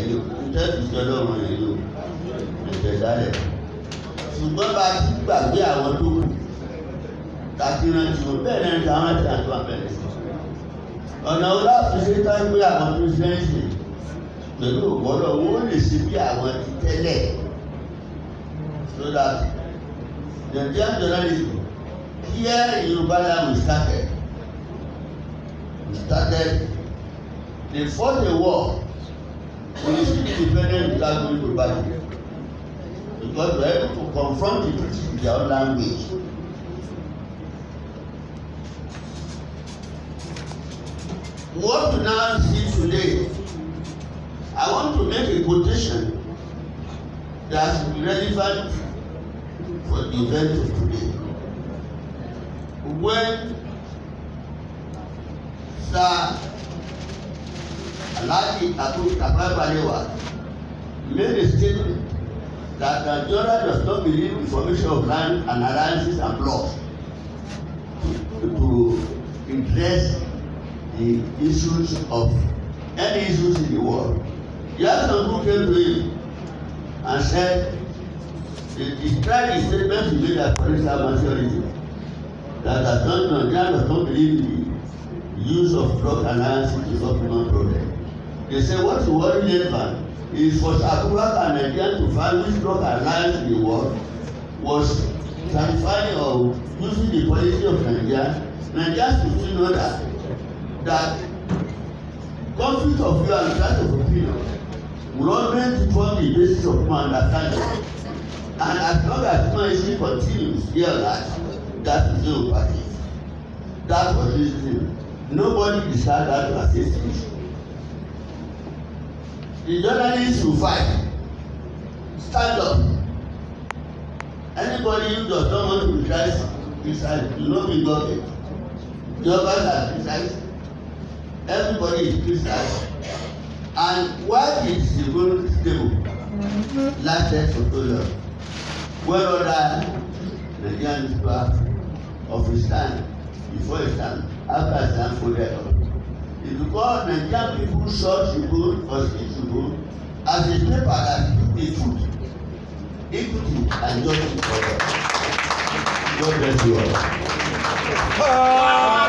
ẹ̀yìn ìtẹ́síjọ́ lọ́rùn ẹ̀yìn o ẹ̀jẹ̀ dálẹ̀ ṣùgbọ́n bá ti gbàgbé àwọn tó kù kàti rántí bẹ́ẹ̀ náà ní àwọn àti àtúwà bẹ̀rẹ̀ sí ọ̀nà oláfiṣẹ́ tá ń gbé àwọn pírẹsidẹ́ǹsì pẹ̀lú ògbọ́dọ̀ wọ́n lè ṣe bí àwọn ti tẹ́lẹ̀ so that Nigerian journalism here in Yoruba land we started we started they fought a war we should be dependent on black people to value because we are able to confront the British with their own language. What we now see today, I want to make a quotation that is relevant for the event of today. When Sir Alhaji Takunabalewa made a statement that Nigeria does not believe information of land and analysis and blocks to, address the issues of any issues in the world. Yasser who came to him and said he described the statement he made at foreign service that does not Nigeria does not believe in the use of block alliances to supplement problems. They say what you want about is for Abubakar and Nigeria to find which drug alliance the want was satisfying or using the policy of Nigeria. Nigeria should still know that that conflict of view and clash of opinion will always form the basis of my understanding. And as long as my issue continues here that that is no party. That was his Nobody decided that to assist issue the journalist will fight stand up anybody who does not want to be christ christian you no be government your parents are christian everybody is christian and why is the world stable mm-hmm. lasted for so long when other nigerian people of his time before his time after his time folded up because Nigerian people saw Shugo or see Shugo as a paper that you dey food, equity and justice for all. God bless you all. Ah!